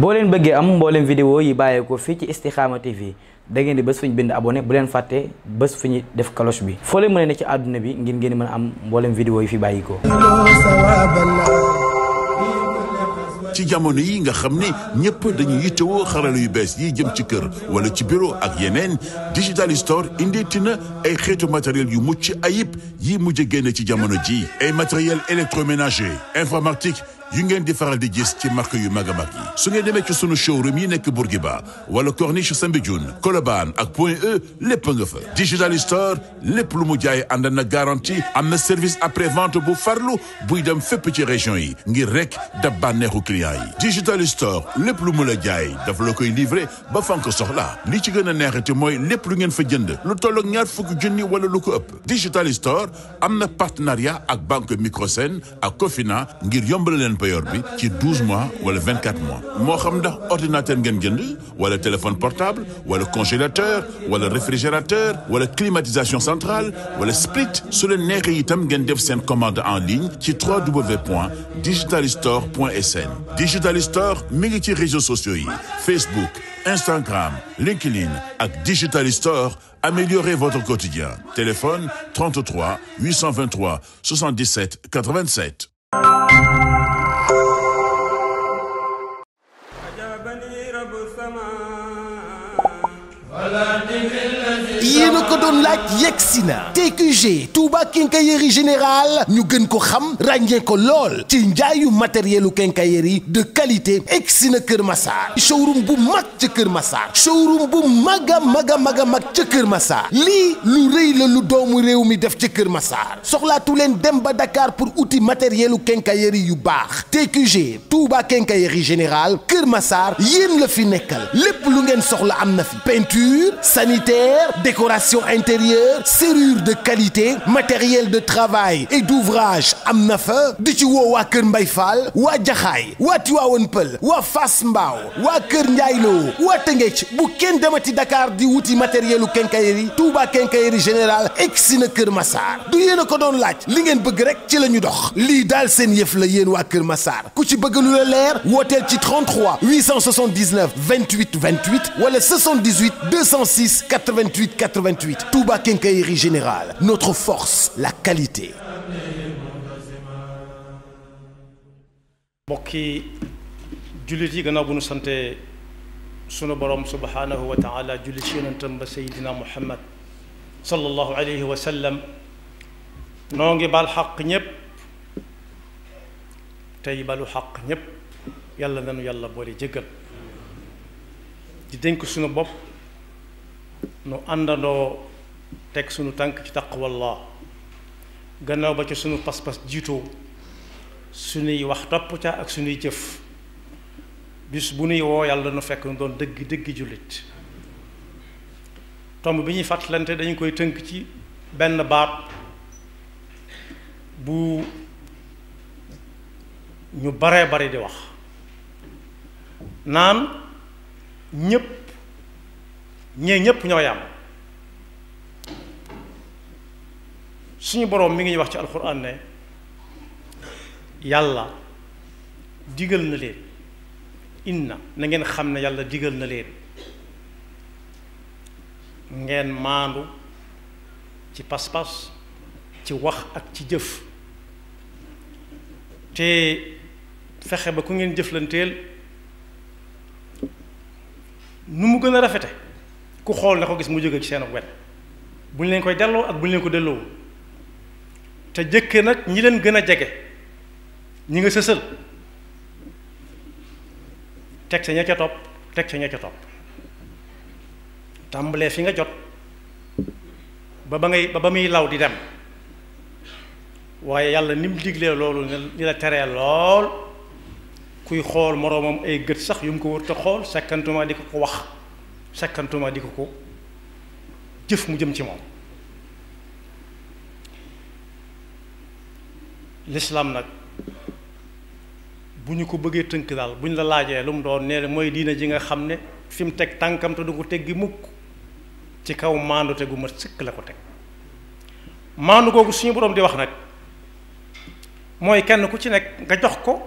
boo leen bëggee am mbooleem vidéo yi bàyyeekoo fii ci Istikhama TV da ngeen di bés fu ñu bind abonné bu leen fàtte bés fu def cloche bi foo leen mën a ci àdduna bi ngir ngeen mën a am mbooleem vidéo yi fi bàyyikoo ci jamono yi nga xam ne ñëpp dañuy yittewoo xarala yu bees yi jëm ci kër wala ci bureau ak yeneen digital store indeeti na ay xeetu matériel yu mucc ayib yi mujj génne ci jamono ji ay matériel électroménager informatique yu ngeen di faral di gis ci marque yu mag a mag yi su ngeen demee ci sunu showroom mi nekk Bourguiba wala Corniche Soumbédioune Colobane ak Point E lépp nga fa digital store lépp lu mu jaay ànd na garantie am na service après vente bu farlu buy dem fépp ci région yi ngir rek da bànneexu client yi digital store lépp lu mu la jaay dafa la koy livré ba fan ko soxla li ci gën a neexati mooy lépp lu ngeen fa jënd lu tolloog ñaar fukki junni wala lu ko ëpp digital am na partenariat ak banque Microsen ak Cofina ngir yombal leen employeur bi ci 12 mois wala 24 mois moo xam ndax ordinateur ngeen jënd wala téléphone portable wala congélateur wala réfrigérateur wala climatisation centrale wala split su leen neexee itam ngeen def seen commande en ligne ci www.digitalistore.sn Digitalistore mi ngi ci réseaux sociaux yi Facebook Instagram LinkedIn ak Digitalistore Améliorez votre quotidien. Téléphone 33 823 77 87. ala yéen a ko doon laaj yegg si na TQG Touba Quincaillerie Générale ñu gën ko xam ràññee ko lool ci njaayu matériel u quincaillerie de qualité egg na Kër Massar showroom bu mag ca Kër Massar showroom bu mag a mag a mag ca Kër Massar lii lu rëy la lu doomu réew mi def ca Kër Massar soxlaatu leen dem ba dakaar pour outil matériel u quincaillerie yu baax TQG Touba Quincaillerie général Kër Massar yéen la fi nekkal lépp lu ngeen soxla am na fi peinture sanitaire décoration intérieure serrure de qualité matériel de travail et d'ouvrage am na fa di ci woo waa Kër Mbay wa waa Jaxaay waa Tiwaawan Pël waa Fass Mbaaw waa Kër Njaayloo waa Tëngéej bu kenn demati Dakar di wuti matériel u quincaillerie Touba quincaillerie générale egsi na Kër Massar du yéen a ko doon laaj li ngeen bëgg rek ci la ñu dox lii daal seen yëf la yéen waa Kër Massar ku ci bëgg lu la leer wooteel ci 33 879 28 28 wala 78 206 88 88 Touba Quincaillerie Générale notre force la qualité. jullit yi gannaaw bu nu sante sunu borom subhaanahu wa taala jullit ci na ba Seydina Muhammad sallallahu alayhi wa sallam noo ngi baal xaq ñépp tey balu xaq ñépp yàlla nanu yàlla boole jéggal dénk sunu bopp. nu àndandoo teg sunu tànk ci taqwallah gannaaw ba ca sunu pas-pas jiitoo sunuy wax topp ca ak sunuy jëf bis bu nuy woo yàlla nu fekk nu doon dëgg dëgg jullit tomb bi ñuy fàttalante dañu koy tënk ci benn baat bu ñu baree bari di wax naan ñépp ñee ñépp ñoo yam suñu boroom mi ngi wax ci alxuraan ne yàlla digal na leen inna na ngeen xam ne yàlla diggal na leen ngeen maandu ci pas-pas ci wax ak ci jëf te fexe ba ku ngeen jëflanteel nu mu gën a rafete ku xool la ko gis mu jóge ci seen wet bu ñu leen koy delloo ak bu ñu leen ko delloo te jëkke nag ñi leen gën a jege ñi nga sësal teg sa ña ca topp teg sa ña ca topp tàmbalee fi nga jot ba ba ngay ba ba muy law di dem waaye yàlla ni mu diglee loolu ni la teree lool kuy xool moroomam ay gët sax yu mu ko wër te xool sakkantuma di ko ko wax sekkantuma di ko ko jëf mu jëm ci moom lislaam nag bu ñu ko bëggee tënk daal bu ñu la laajee lu mu doon nee mooy diina ji nga xam ne fi mu teg tànkam te du ko teggi mukk ci kaw maandu te gu ma sëkk la ko teg maandu googu suñu boroom di wax nag mooy kenn ku ci nekk nga jox ko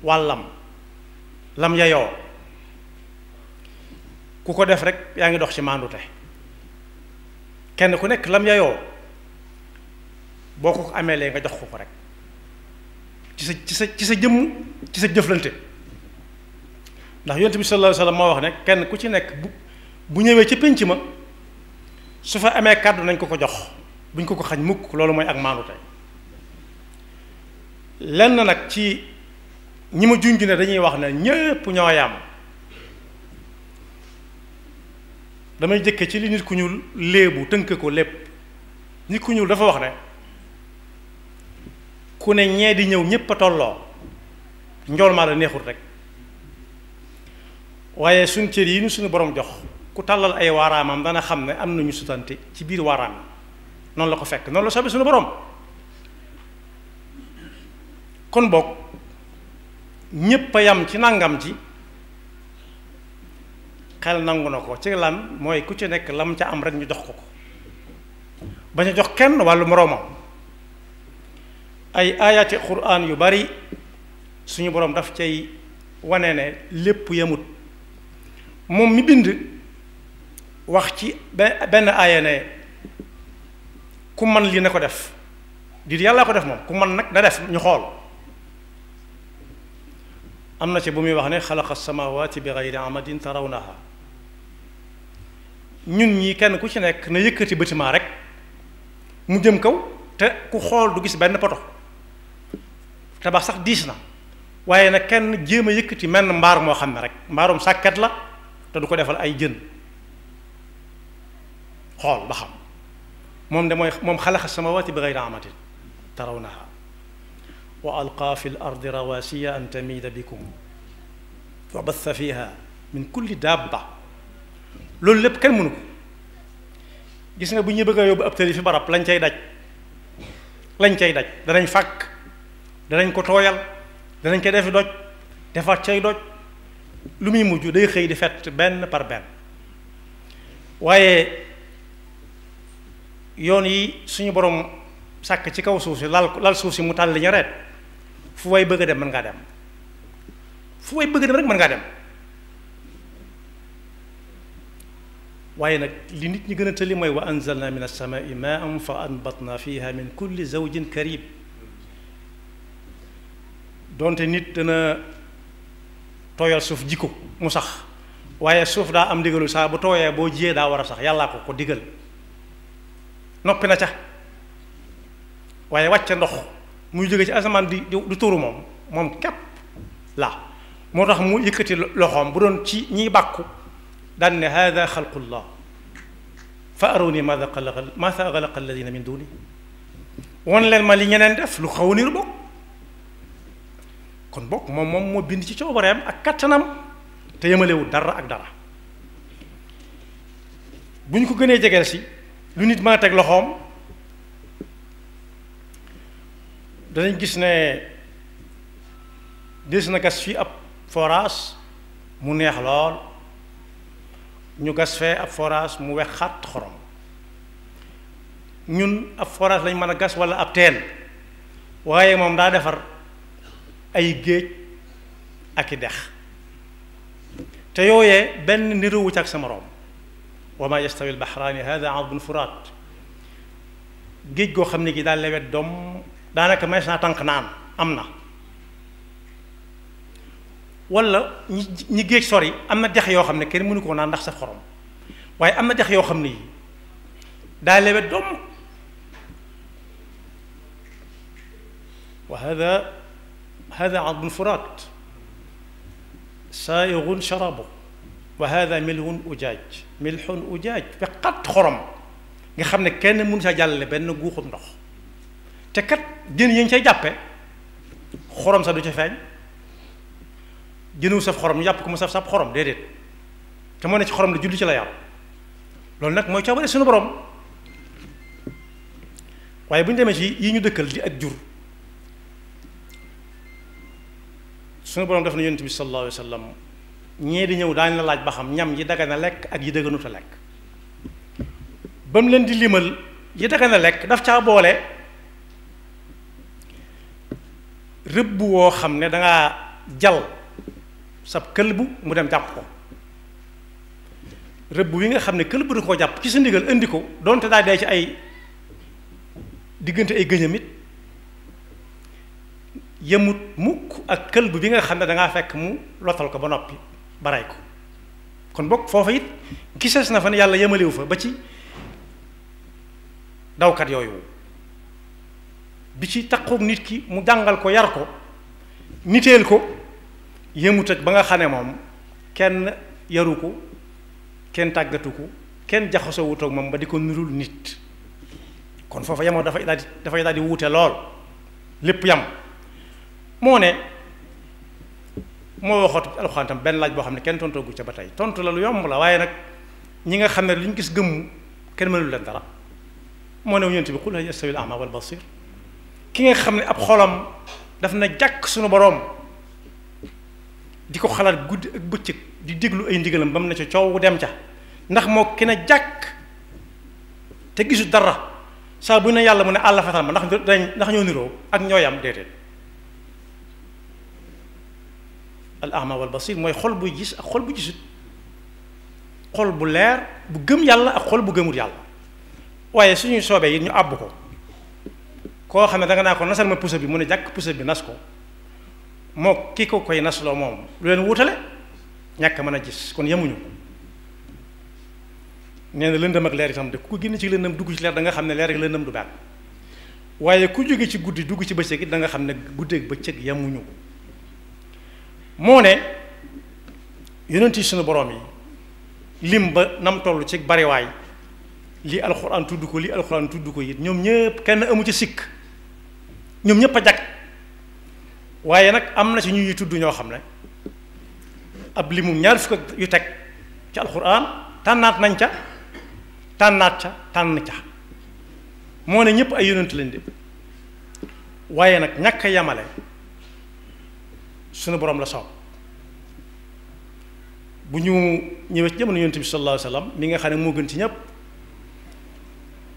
wàllam lam ya yayoo ku ko def rek yaa ngi dox ci maandute kenn ku nekk lam yayoo boo ko amee lee nga jox ko ko rek ci sa ci sa ci sa jëmm ci sa jëflante ndax yonent bi sallallahu alayhi moo wax ne kenn ku ci nekk bu bu ñëwee ci pénc ma su fa amee kàddu nañ ko ko jox buñ ko ko xañ mukk loolu mooy ak maandute lenn nag ci ñi ma junj ne dañuy wax ne ñépp ñoo yam damay jëkke ci li nit ku ñuul léebu tënk ko lépp nit ku ñuul dafa wax ne ku ne ñee di ñëw ñépp a tolloo njool maa la neexul rek waaye suñ cër yi ñu suñu borom jox ku tàllal ay waaraamam dana xam ne am nañu sutante ci biir waaraam noon la ko fekk noonu la soobee suñu borom kon boog ñépp a yam ci nangam ji xel nangu na ko ci lan mooy ku ci nekk lam ca am rek ñu jox ko ko bañ a jox kenn wàllu moroomam ay ayati quraan yu bari suñu boroom daf cay wane ne lépp yemut moom mu bind wax ci benn aaya ne ku man li na ko def di yàllaa ko def moom ku man nag na def ñu xool am na ci bu muy wax ne xalaqa samawati bi gayri amadin tarawnaha ñun ñi kenn ku ci nekk na yëkkati bâtiment rek mu jëm kow te ku xool du gis benn poto tabax sax diis na waaye nag kenn jéem a yëkkati menn mbaar moo xam ne rek mbaarum sàkket la te du ko defal ay jën xool ba xam moom de mooy moom xalaqa samawati bi gayri amatin tarawnaha wa alqaa fi l ardi rawasiya an tamida bikum wa batha fiha min kulli dabba loolu lépp kenn mënu ko gis nga bu ñuy bëgg a yóbbu ab tëli fi barab lañ cay daj lañ cay daj danañ fàkk danañ ko tooyal danañ ko defi doj defar cay doj lu muy mujj day xëy di fett benn par benn waaye yoon yi suñu boroom sàkk ci kaw suuf si lal lal suuf si mu tàll ñareet fu way bëgg a dem mën ngaa dem fu way bëgg a dem rek mën ngaa dem waaye nag li nit ñi gën a tëli mooy wa anzalna min as-samaa'i maa'an fa anbatna fiha min kulli zawjin karim donte nit dana tooyal suuf ji ko mu sax waaye suuf daa am digalu saa bu tooyee boo jiyee daa war a sax yàllaa ko ko digal noppi na ca waaye wàcce ndox muy jóge ci asamaan di du tuuru moom moom képp la moo tax mu yëkkati loxoom bu doon ci ñiy bàkku daan ne hada xalqullah fa arawni maada xalaqa maasa xalaqa alladina min duni won leen ma li ñeneen def lu xaw a niru bokk kon bokk moom moom moo bind ci coobareem ak kattanam te yemalewul dara ak dara bu ñu ko gënee jegeel si lu nit mën a teg loxoom danañ gis ne des na gas fii ab forage mu neex lool ñu gas fee ab forage mu wex xat xorom ñun ab forage lañ mën a gas walla ab teen waaye moom daa defar ay géej ak i dex te yooyee benn niruwu ci ak sa moroom wa ma yastawi albaxraani hada adbun furaat géej goo xam ne gi daal lewet doom daanaka may naa tànk naan am na wala ñi géej sori am na dex yoo xam ne kenn munu koo naan ndax sa xorom waaye am na dex yoo xam ne yi daa lewet doom wa hada hada adbun furaat saa'ighun sharabu wa hada milhun ujaaj milhun ujaaj faqat xorom nga xam ne kenn mënu sa jàllale benn guuxum ndox te kat jën yi ñu cay jàppe xorom sa du ca jënewu saf xorom ñu yàpp ko mu saf saf xorom déedéet te moo ne ci xorom la julli ci la yàpp loolu nag mooy coobare suñu borom waaye bu ñu demee ci yi ñu dëkkal di ak jur sunu boroom def na yonent bi sallallahu alayhi wa ñee di ñëw daañu la laaj ba xam ñam yi dagana lekk ak yi dëgganut a lekk ba mu leen di limal yi dagana lekk daf caa boole rëbb woo xam ne dangaa jal sab këlbu mu dem jàpp ko rëbb wi nga xam ne këlbu da koo jàpp ci sa ndigal indi ko donte daa dee ci ay diggante ay gëñam it yëmut mukk ak këlbu bi nga xam ne dangaa fekk mu lottal ko ba noppi baray ko kon bokk foofu it gisees na fa ne yàlla yëmaliwu fa ba ci dawkat yooyu bi ci takkook nit ki mu jàngal ko yar ko niteel ko yëmut ak ba nga xam ne moom kenn yaru ko kenn tàggatu ko kenn jaxasowut ak moom ba di ko nurul nit kon foofu yemoo dafay daal di dafay daal di wuute lool lépp yam moo ne moo waxoot alxuraan benn laaj boo xam ne kenn tontoogu ca ba tey tontu la lu yomb la waaye nag ñi nga xam ne lu ñu gis gëmm kenn mënul leen dara moo ne yonent bi qul hal yastawi al a'ma wal ki nga xam ne ab xolam daf na jàkk suñu boroom di ko xalaat guddi ak bëccëg di déglu ay ndigalam ba mu ne ca coow dem ca ndax moo kenn jàkk te gisu dara saa bu ne yàlla mu ne àll fatal ma ndax ndax ñoo niroo ak ñoo yam déedéet al ahma wal basir mooy xol buy gis ak xol bu gisut xol bu leer bu gëm yàlla ak xol bu gëmul yàlla waaye suñuy soobee yi ñu àbb ko koo xam ne danga naa ko nasal ma puso bi mu ne jàkk puso bi nas ko moo ki ko koy nasloo moom lu leen wutale ñàkk man a gis kon yemuñu nee na lëndëm ak leer itam de ku génn ci lëndëm dugg ci leer da xam ne leer ak lëndëm du baax waaye ku jóge ci guddi dugg ci bëccëg it da nga xam ne guddeek guddeeg bëccëg yemuñu moo ne yonent yi suñu borom yi lim ba nam toll ci bariwaay lii alxuraan tudd ko lii alxuraan tudd ko it ñoom ñëpp kenn amu ci sikk ñoom ñëpp a jag waaye nag am na ci ñuy tudd ñoo xam ne ab limu ñaar fukk yu teg ci alxuraan tànnaat nañ ca tànnaat ca tànn ca moo ne ñëpp ay yonent lañ de waaye nag ñàkk a yamale suñu borom la soob bu ñu ñëwee ci jamono yonent bi sallallahu alayhi wa nga xam ne moo gën ci ñëpp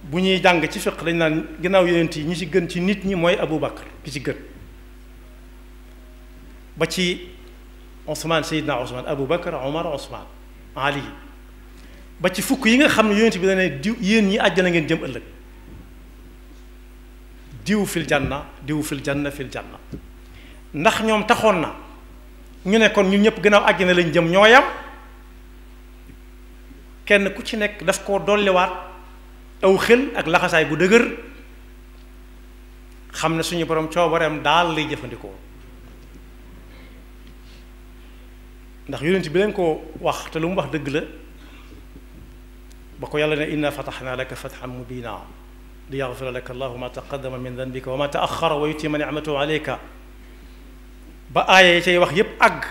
bu ñuy jàng ci fiq dañ naan ginnaaw yonent yi ñi ci gën ci nit ñi mooy Abu Bakar ki ci gën ba ci Ousmane Seydina Ousmane Abu Bakar Omar Ousmane Ali ba ci fukk yi nga xam ne yonent bi dana diw yéen ñi àjjana ngeen jëm ëllëg diw fil janna diw fil janna fil janna ndax ñoom taxoon na ñu nekkoon ñu ñun ñëpp gannaaw àjjana lañ jëm ñoo kenn ku ci nekk daf koo dolliwaat aw xel ak laxasaay bu dëgër xam ne suñu borom coobareem daal lay jëfandikoo. ndax yonent bi leen koo wax te lu mu wax dëgg la ba ko yàlla ne inna fataxna laka fatxan mubina li yaxfira laka allahu ma taqaddama min danbika wa ma taaxara wa yutima nicmatahu aleyka ba aaya yi cay wax yépp àgg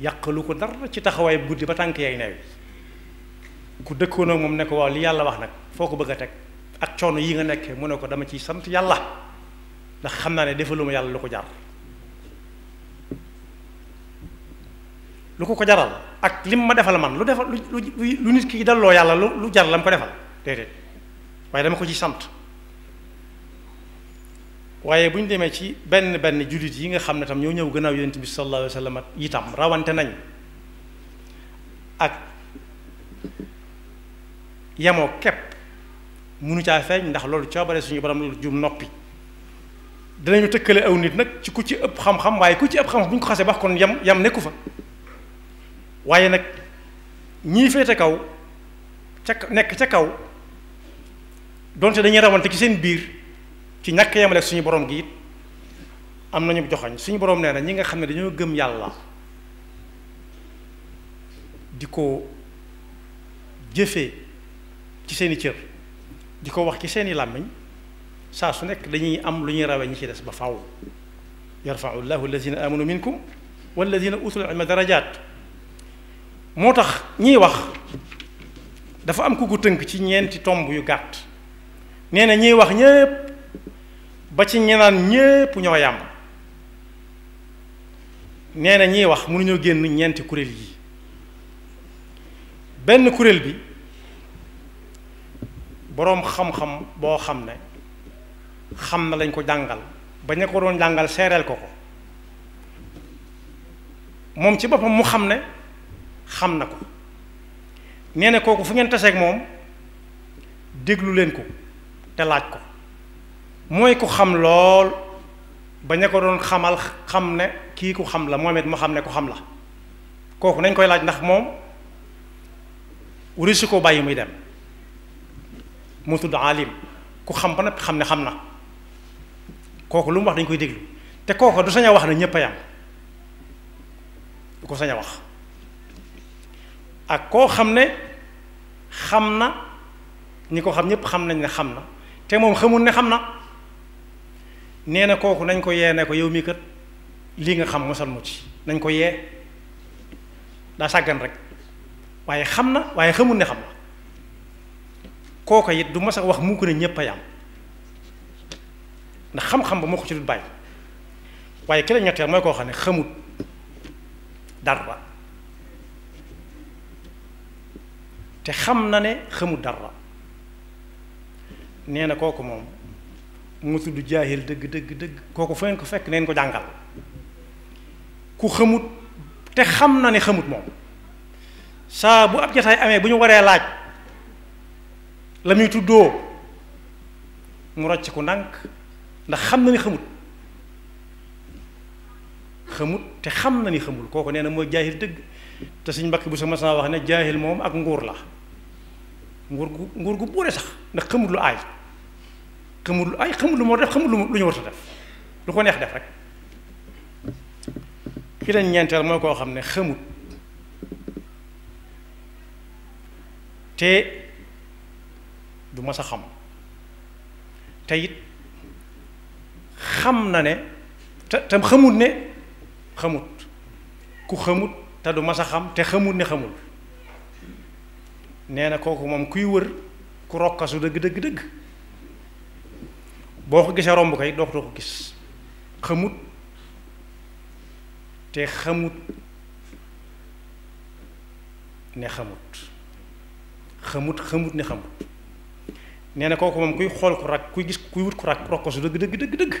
yàqalu ko dara ci taxawaay guddi ba tànk yay neew ku dëkkoon moom ne ko waaw li yàlla wax nag foo ko bëgg teg ak coono yi nga nekkee mu ne ko dama ciy sant yàlla ndax xam naa ne defaluma yàlla lu ko jar lu ko ko jaral ak lim ma defal man lu defal lu lu nit ki dalloo yàlla lu lu jaral la mu ko defal déedéet waaye dama ko ci sant waaye bu ñu demee ci benn benn jullit yi nga xam ne tam ñoo ñëw gannaaw yonent bi sallallahu sa wa sallam itam rawante nañ ak yemoo képp munu caa feeñ ndax loolu coobare suñu borom loolu jum noppi dinañu tëkkale aw nit nag ci ku ci ëpp xam-xam waaye ku ci ëpp xam bu ñu ko xasee wax kon yam yam nekku fa waaye nag ñii féete kaw ca nekk ca kaw donte dañuy rawante ci seen biir ci ñàkk yemale suñu borom gi it am nañu joxoñ suñu borom nee na ñi nga xam ne dañoo gëm yàlla di ko jëfe ci seeni cër di ko wax ci seeni làmmiñ saa su nekk dañuy am lu ñuy rawee ñi ci des ba faw yarfau llahu alladina amanu minkum walladina utul ilma darajat moo tax ñiy wax dafa am ku ko tënk ci ñeenti tomb yu gàtt nee na ñiy wax ñépp ba ci ñenaan ñépp ñoo yàmb nee na ñiy wax mënuñoo génn ñeenti kuréel yi benn kuréel bi boroom xam-xam boo xam ne xam na lañ ko jàngal ba ñu ko doon jàngal seereel ko ko moom ci boppam mu xam ne xam na ko nee na kooku fu ngeen taseeg moom déglu leen ko te laaj ko mooy ku xam lool ba ña ko doon xamal xam ne kii ku xam la moom it mu xam ne ku xam la kooku nañ koy laaj ndax moom wurisu ko bàyyi muy dem mu tudd alim ku xam ba noppi xam ne xam na kooku lu mu wax dañ koy déglu te kooku du sañ a wax ne ñépp a yam du ko sañ a wax ak koo xam ne xam na ñi ko xam ñépp xam nañ ne xam na te moom xamul ne xam na nee na kooku nañ ko yee ne ko yow mii kat lii nga xam mosal mu ci nañ ko yee daa sàggan rek waaye xam na waaye xamul ne xam na kooka it du mas a wax mu ko ne ñépp a yam ndax xam-xam ba moo ko ci dul bàyyi waaye ki la ñetteel mooy koo xam ne xamut dara te xam na ne xamu dara nee na kooku moom mu tudd jaahil dëgg dëgg dëgg kooku fa ngeen ko fekk neen ko jàngal ku xamut te xam na ne xamut moom saa bu ab jataay amee bu ñu waree laaj la muy tuddoo mu rocc ku ndànk ndax xam na ni xamut xamut te xam na ni xamul kooku nee na mooy jaahil dëgg te suñ mbakk bu sa mas wax ne jaahil moom ak nguur la nguur gu nguur gu buure sax ndax xamul lu aay xamul lu aay xamul moo def xamul lu ñu war def lu ko neex def rek ki leen ñeenteel mooy koo xam ne xamut te du mas a xam te it xam na ne te tam xamut ne xamut ku xamut te du mas a xam te xamul ne xamul nee na kooku moom kuy wër ku rokkasu dëgg dëgg dëgg boo ko gisee romb kay dootoo ko gis xamut te xamut ne xamut xamut xamut ne xamut nee na kooku moom kuy xool ku rak kuy gis kuy wut ku rak rokkasu dëgg dëgg dëgg dëgg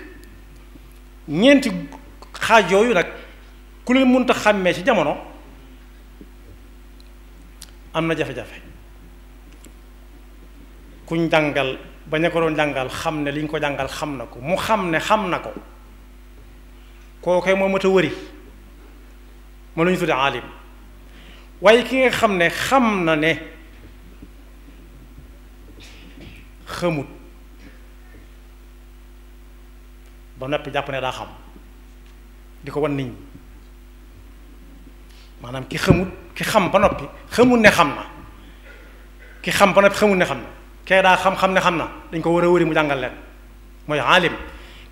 ñeenti xaaj yooyu nag ku leen mënta xàmmee ci jamono am na jafe-jafe kuñ jàngal ba ña ko doon jàngal xam ne liñ ko jàngal xam na ko mu xam ne xam na ko kooke moo mat a wëri mën nañu tudde aalim waaye ki nga xam ne xam na ne xamut ba noppi jàpp ne daa xam di ko wan nit ñi maanaam ki xamut ki xam ba noppi xamut ne xam na ki xam ba noppi xamut ne xam na daa xam ne xam na dañ ko war a wëri mu jàngal leen mooy aalim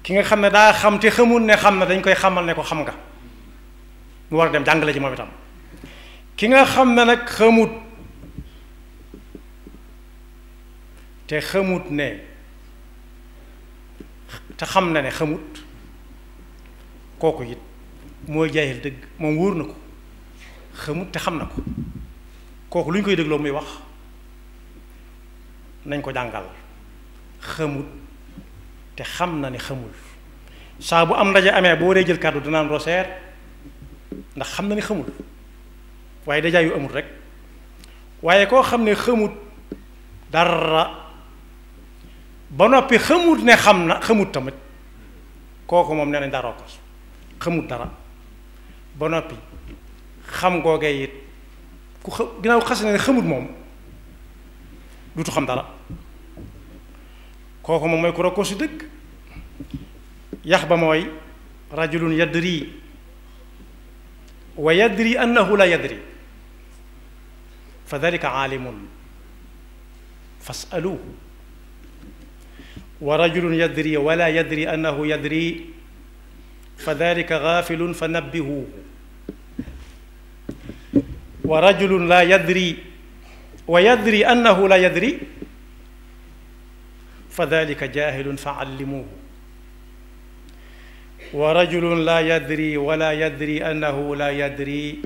ki nga xam ne daa xam te xamut ne xam na dañ koy xamal ko xam nga war dem jàngale ji moom itam ki nga xam ne nag xamut te xamut ne te xam na ne xamut kooku it mooy jaahil dëgg moom wóor na ko xamut te xam na ko kooku lu ñu koy dégloo muy wax nañ ko jàngal xamut te xam na ni xamul saa bu am ndaje amee boo waree jël kàddu danaan roseer ndax xam na ne xamul waaye dajaa yu amul rek waaye koo xam ne xamut dara ba noppi xamut ne xam na xamut tamit kooku moom nee nañ daaroo ko xamut dara ba noppi xam googee it ku xa ginnaaw xas na ne xamut moom dutu xam dara kooku moom mooy ku rokkoo si dëgg yax ba mooy rajulun yadri wa yadri annahu la yadri fa dalika aalimun fasaluhu wa rajulun yadri wala yadri annahu yadri fa dalika gaafilun fa nabbihuhu wa rajulun laa yadri wa yadri annahu laa yadri fa dalika jaahilun fa allimuuhu wa rajulun laa yadri wala yadri annahu laa yadri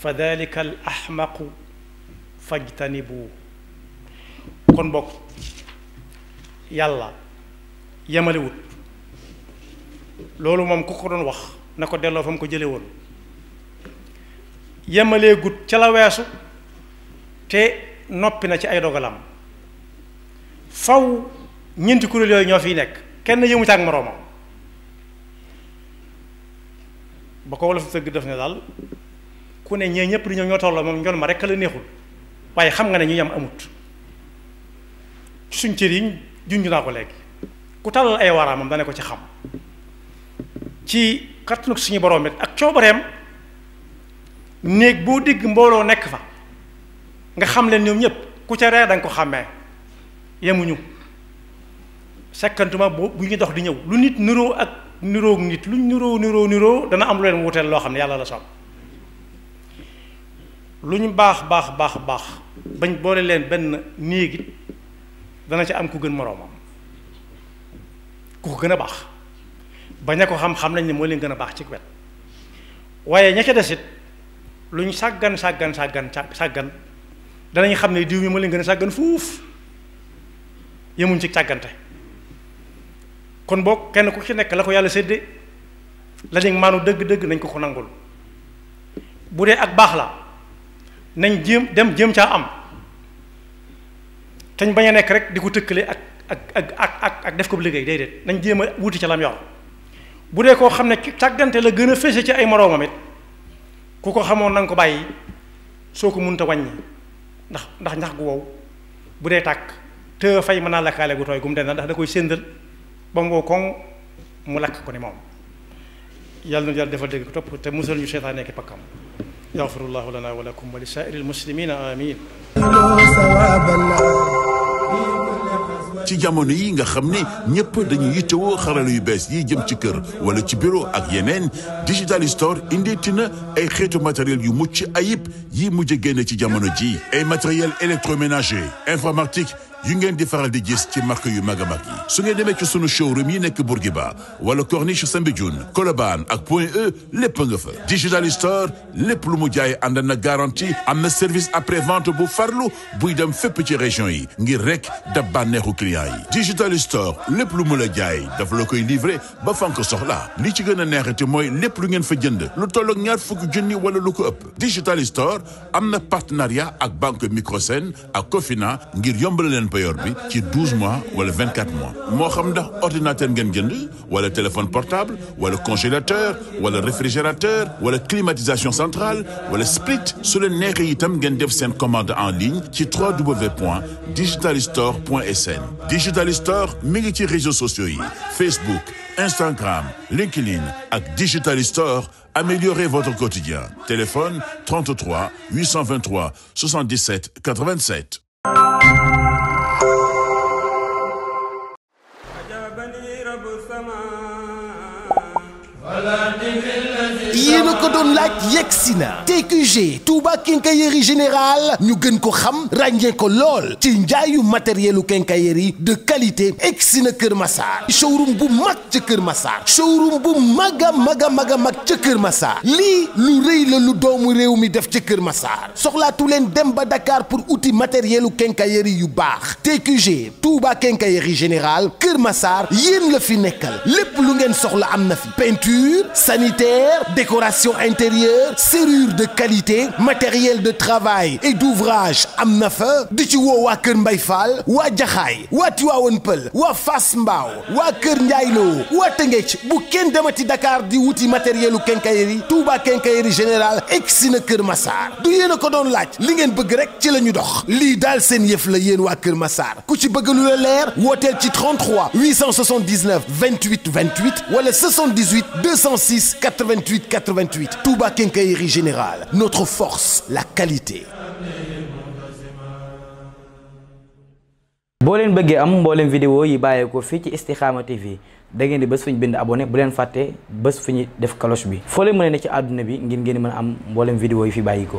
fa dalika al axmaqu fajtanibu kon mbokk yàlla yemalewut loolu moom ku ko doon wax na ko delloo fa mu ko jële woon yemalee gut ca la weesu te noppi na ci ay dogalam faw ñeenti kuréel yooyu ñoo fi nekk kenn yëmu ci ak moroomam ba ko wala fa tëgg def ne daal ku ne ñee ñëpp di ñëw ñoo tolloo moom ñoon ma rekk la neexul waaye xam nga ne ñu yem amut suñ cër yi naa ko léegi ku tàllal ay waaraamam dana ko ci xam ci kàttanug suñu borom it ak coobareem néeg boo dégg mbooloo nekk fa nga xam leen ñoom ñëpp ku ca reer da ko xàmmee yemuñu sekkantuma bu bu ñu dox di ñëw lu nit niroo ak niroo nit lu niroo niroo niroo dana am lu leen wuteel loo xam ne yàlla la soom lu ñu baax baax baax baax bañ boole leen benn néegi dana ca am ku gën moroomam ku ko gën a baax bañ ko xam xam nañ ni moo leen gën a baax ci wet waaye ña ca desit lu ñu sàggan sàggan sàggan sàggan danañ xam ne diw mi ma leen gën a sàggan fuuf yemuñ ci sàggante kon boo kenn ku ci nekk la ko yàlla sédde la ñu maanu dëgg-dëgg nañ ko ko nangul bu dee ak baax la nañ jéem dem jéem caa am te ñu bañ a nekk rek di ko tëkkale ak ak ak ak ak def ko liggéey déedéet nañ jéem a wuti ca lam yor bu dee koo xam ne sàggante la gën a fese ci ay moroomam it ku ko xamoon na ko bàyyi soo ko munta wàññi ndax ndax ñax gu wow bu dee tàkk te fay man naa lakkaale gu tooy gu de den ndax da koy séndal ba mu wow koŋ mu lakk ko ni moom yàlla na yàlla defal dégg ko topp te musal ñu seytaan nekk pakkam yaxfirullahu lana wa lakum wa li saa'iril muslimina amin ci jamono yi nga xam ne ñëpp dañuy yittewoo xarala yu bees yi jëm ci kër wala ci bureau ak yeneen digital store indeeti na ay xeetu matériel yu mucc ayib yi mujj génn ci jamono ji ay matériel électroménager informatique yu ngeen di faral di gis ci marque yu mag a mag yi su ngeen demee ci sunu showroom yi nekk Bourguiba wala Corniche Soumbédioune Colobane ak Point E lépp nga fa digital store lépp lu mu jaay ànd na garantie am na service après vente bu farlu buy dem fépp ci région yi ngir rek dab bànneexu client yi digital store lépp lu mu la jaay dafa la koy livré ba fan ko soxla li ci gën a neexati mooy lépp lu ngeen fa jënd lu tollook ñaar fukki junni wala lu ko ëpp digital am na partenariat ak banque Microsen ak Cofina ngir yombal leen payor bi ci 12 mois wala 24 mois moo xam ndax ordinateur ngeen jënd wala téléphone portable wala congélateur wala réfrigérateur wala climatisation centrale wala split su leen neexee itam ngeen def seen commande en ligne ci www.digitalistore.sn Digitalistore mi ngi ci réseaux sociaux yi Facebook Instagram LinkedIn ak Digitalistore Améliorez votre quotidien. Téléphone 33 823 77 87. yéen a ko doon laaj yegg si na TQG Touba Quincaillerie général ñu gën ko xam ràññee ko lool ci njaayu matérielu quincaillerie de qualité egg na Kër Massar showroom bu mag ca Kër Massar showroom bu mag a mag a mag a ca Kër Massar lii lu rëy la lu doomu réew mi def ca Kër Massar soxlaatu leen dem ba dakaar pour outil matérielu quincaillerie yu baax TQG Touba Quincaillerie général Kër Massar yéen la fi nekkal lépp lu ngeen soxla am na fi peinture sanitaire décoration intérieure serrure de qualité matériel de travail et d'ouvrage am na fa di ci woo waa Kër Mbay Fall waa Jaxaay waa Tiwaawan Pël waa Fass Mbaaw waa Kër Njaayloo waa Tëngéej bu kenn demati Dakar di wuti matériel u quincaillerie Touba quincaillerie générale egsi na Kër Massar du yéen a ko doon laaj li ngeen bëgg rek ci la ñu dox lii daal seen yëf la yéen waa Kër Massar ku ci bëgg lu la leer wooteel ci 33 879 28 28 wala 78 206 88 88 Touba Quincaillerie Générale notre force la qualité. boo leen bëggee am mbooleem vidéo yi bàyyeekoo fii ci Istikhama TV da ngeen di bés bind abonné bu leen fàttee bës fu ñu def cloche bi foo leen mën ne ci àdduna bi ngir ngeen mën a am mbooleem vidéo yi fi bàyyikoo